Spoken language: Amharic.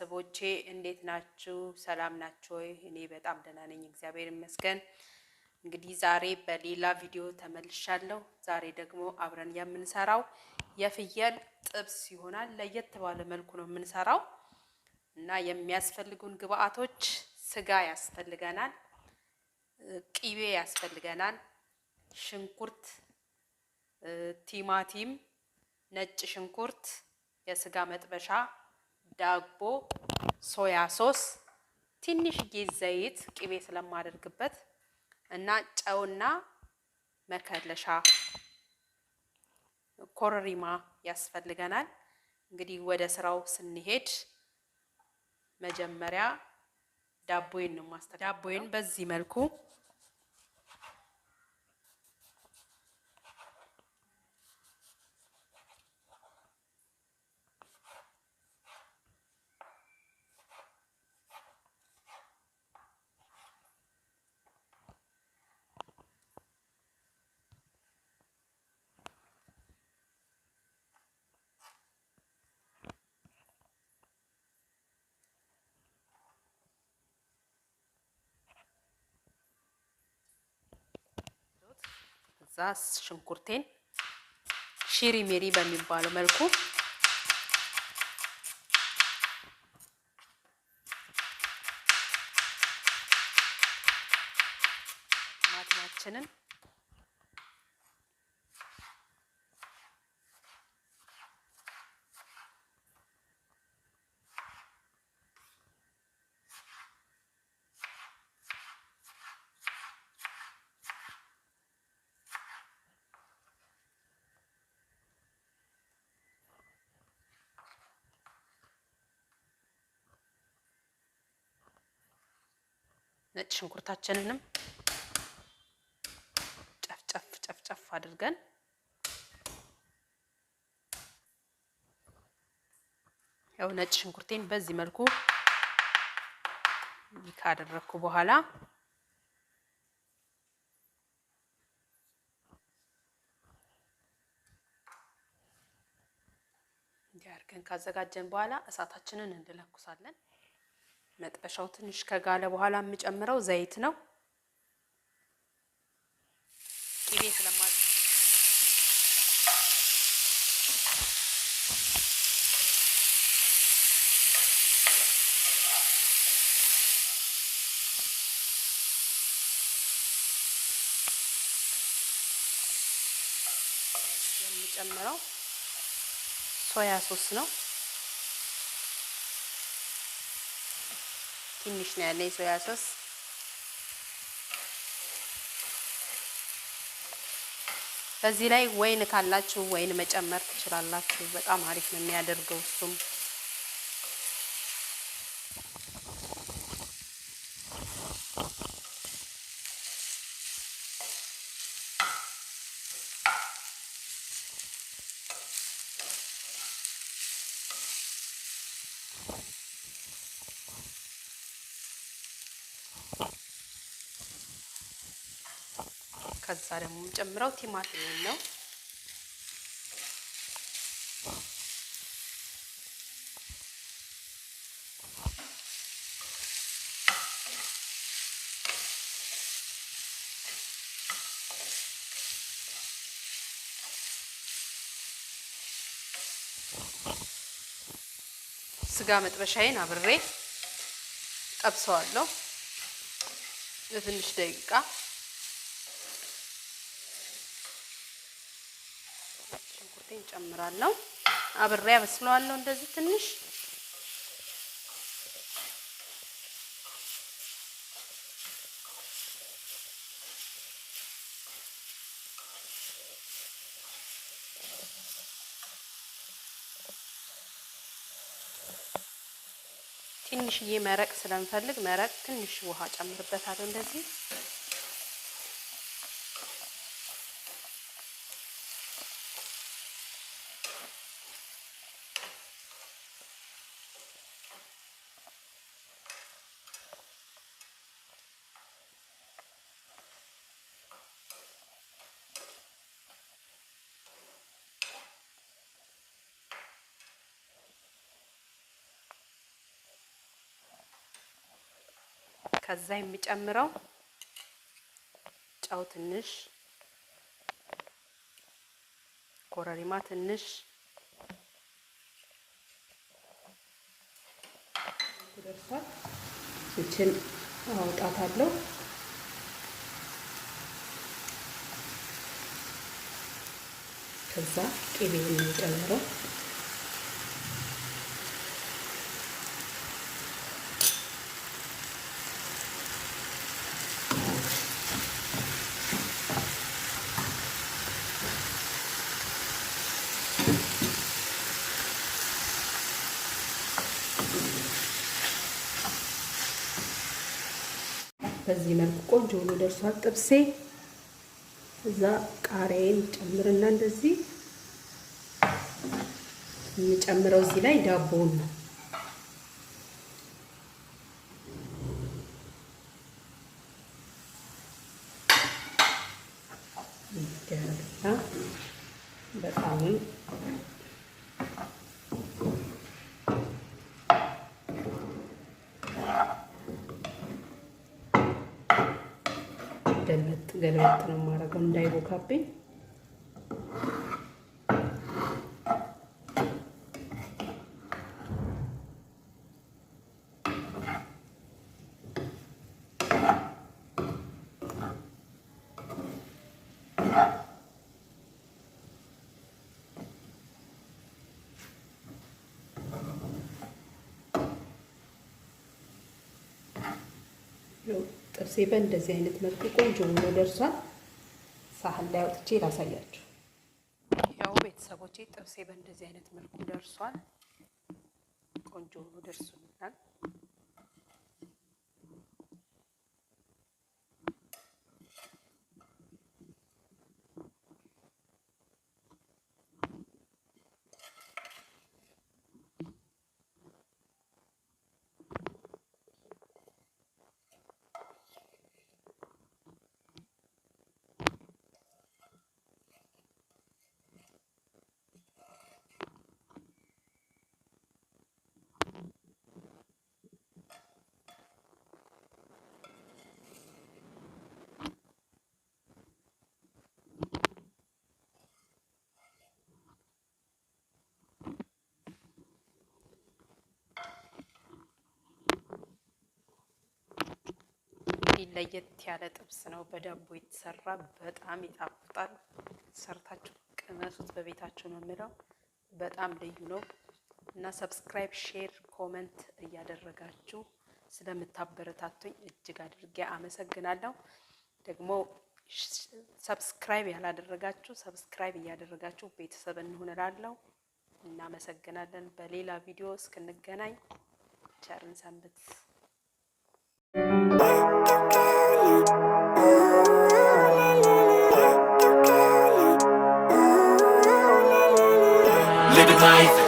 ቤተሰቦቼ እንዴት ናችሁ? ሰላም ናችሁ ወይ? እኔ በጣም ደህና ነኝ፣ እግዚአብሔር ይመስገን። እንግዲህ ዛሬ በሌላ ቪዲዮ ተመልሻለሁ። ዛሬ ደግሞ አብረን የምንሰራው የፍየል ጥብስ ይሆናል። ለየት ባለ መልኩ ነው የምንሰራው እና የሚያስፈልጉን ግብአቶች ስጋ ያስፈልገናል፣ ቂቤ ያስፈልገናል፣ ሽንኩርት፣ ቲማቲም፣ ነጭ ሽንኩርት፣ የስጋ መጥበሻ ዳቦ፣ ሶያ ሶስ፣ ጊዜ ዘይት፣ ቅቤ ስለማደርግበት እና ጨውና መከለሻ ኮረሪማ ያስፈልገናል። እንግዲህ ወደ ስራው ስንሄድ መጀመሪያ ዳቦዬን ነው ማስተካከል። ዳቦዬን በዚህ መልኩ እዛ ሽንኩርቴን ሺሪ ሜሪ በሚባለው መልኩ ማቲማችንን ነጭ ሽንኩርታችንንም ጨፍጨፍ ጨፍጨፍ አድርገን ያው ነጭ ሽንኩርቴን በዚህ መልኩ ካደረግኩ በኋላ እንዲህ ካዘጋጀን በኋላ እሳታችንን እንለኩሳለን። መጥበሻው ትንሽ ከጋለ በኋላ የምጨምረው ዘይት ነው። ቅቤ ስለማ የምጨምረው ሶያ ሶስ ነው። ትንሽ ነው ያለኝ ሶያ ሶስ በዚህ ላይ ወይን ካላችሁ ወይን መጨመር ትችላላችሁ። በጣም አሪፍ ነው የሚያደርገው እሱም። ከዛ ደግሞ የምጨምረው ቲማቲም ነው። ስጋ መጥበሻዬን አብሬ ጠብሰዋለሁ ለትንሽ ደቂቃ ሽንኩርቴን ጨምራለሁ። አብሬ አበስለዋለሁ እንደዚህ ትንሽ ትንሽዬ መረቅ ስለምፈልግ መረቅ ትንሽ ውሃ ጨምርበታለሁ እንደዚህ ከዛ የሚጨምረው ጨው ትንሽ፣ ኮረሪማ ትንሽ፣ ደርሷል። ይችን አውጣታለሁ። ከዛ ቅቤ የሚጨምረው በዚህ መልኩ ቆንጆ ሆኖ ደርሷል ጥብሴ። እዛ ቃሪያዬን ጨምርና እንደዚህ የምጨምረው እዚህ ላይ ዳቦውን ነው። በጣም ገለበጥ ገለበጥ ነው የማደርገው እንዳይቦካብኝ። ነው ጥብሴ በእንደዚህ አይነት መልኩ ቆንጆ ሆኖ ደርሷል። ሳህን ላይ አውጥቼ ላሳያችሁ። ያው ቤተሰቦቼ ጥብሴ በእንደዚህ አይነት መልኩ ደርሷል። ቆንጆ ሆኖ ደርሶልናል። ለየት ያለ ጥብስ ነው። በዳቦ የተሰራ በጣም ይጣፍጣል። ሰርታችሁ ቅመሱት። በቤታችሁ ነው የምለው። በጣም ልዩ ነው እና ሰብስክራይብ፣ ሼር፣ ኮመንት እያደረጋችሁ ስለምታበረታቱኝ እጅግ አድርጌ አመሰግናለሁ። ደግሞ ሰብስክራይብ ያላደረጋችሁ ሰብስክራይብ እያደረጋችሁ ቤተሰብ እንሁን እላለሁ። እናመሰግናለን። በሌላ ቪዲዮ እስክንገናኝ ቸርን ሰንብት። my